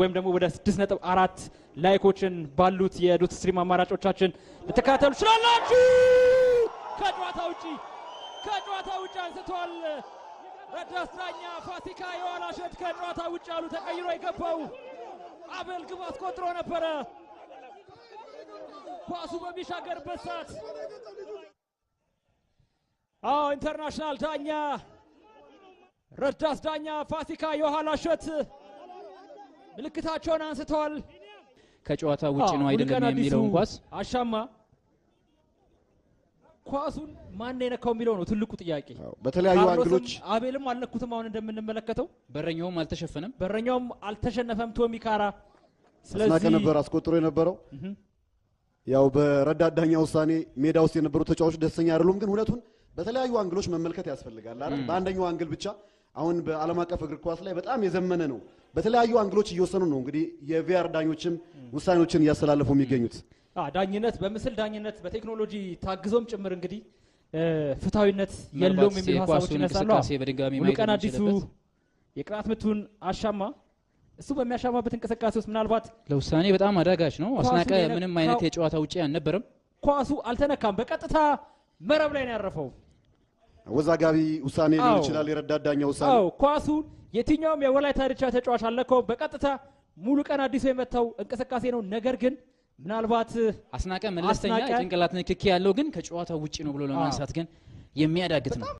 ወይም ደግሞ ወደ 6.4 ላይኮችን ባሉት የዶት ስትሪም አማራጮቻችን ልትከታተሉ ትችላላችሁ። ከጨዋታ ውጪ ከጨዋታ ውጪ አንስተዋል። ረዳት ዳኛ ፋሲካ የኋላ ከጨዋታ ውጭ አሉ። ተቀይሮ የገባው አበል ግብ አስቆጥሮ ነበረ። ኳሱ በሚሻገርበት ሰዓት አዎ ኢንተርናሽናል ዳኛ ረዳት ዳኛ ፋሲካ የኋላ ሸት ምልክታቸውን አንስተዋል። ከጨዋታ ውጭ ነው አይደለም የሚለውን ኳስ አሻማ ኳሱን ማን የነካው የሚለው ነው ትልቁ ጥያቄ። በተለያዩ አንግሎች አቤልም አልነኩትም። አሁን እንደምንመለከተው በረኛውም አልተሸፈነም፣ በረኛውም አልተሸነፈም። ቶሚ ካራ ስለዚህ ነበር አስቆጥሮ የነበረው። ያው በረዳት ዳኛ ውሳኔ ሜዳ ውስጥ የነበሩ ተጫዋቾች ደስተኛ አይደሉም፣ ግን እውነቱን በተለያዩ አንግሎች መመልከት ያስፈልጋል አይደል? በአንደኛው አንግል ብቻ አሁን በዓለም አቀፍ እግር ኳስ ላይ በጣም የዘመነ ነው። በተለያዩ አንግሎች እየወሰኑ ነው እንግዲህ የቪአር ዳኞችም ውሳኔዎችን እያስተላለፉ የሚገኙት። ዳኝነት በምስል ዳኝነት በቴክኖሎጂ ታግዞም ጭምር እንግዲህ ፍትሐዊነት የለውም የሚሉ ሀሳቦች ይነሳሉ። ሙሉቀን አዲሱ የቅጣት ምቱን አሻማ እሱ በሚያሻማበት እንቅስቃሴ ውስጥ ምናልባት ለውሳኔ በጣም አዳጋች ነው። አስናቀ ምንም አይነት የጨዋታ ውጪ አልነበረም። ኳሱ አልተነካም፣ በቀጥታ መረብ ላይ ነው ያረፈው። አወዛጋቢ ውሳኔ ሊሆን ይችላል። የረዳት ዳኛ ውሳኔ። ኳሱን የትኛውም የወላይታ ድቻ ተጫዋች አለከው በቀጥታ ሙሉ ቀን አዲሱ የመታው እንቅስቃሴ ነው። ነገር ግን ምናልባት አስናቀ መለስተኛ ጭንቅላት ንክኪ ያለው ግን ከጨዋታው ውጪ ነው ብሎ ለማንሳት ግን የሚያዳግት ነው።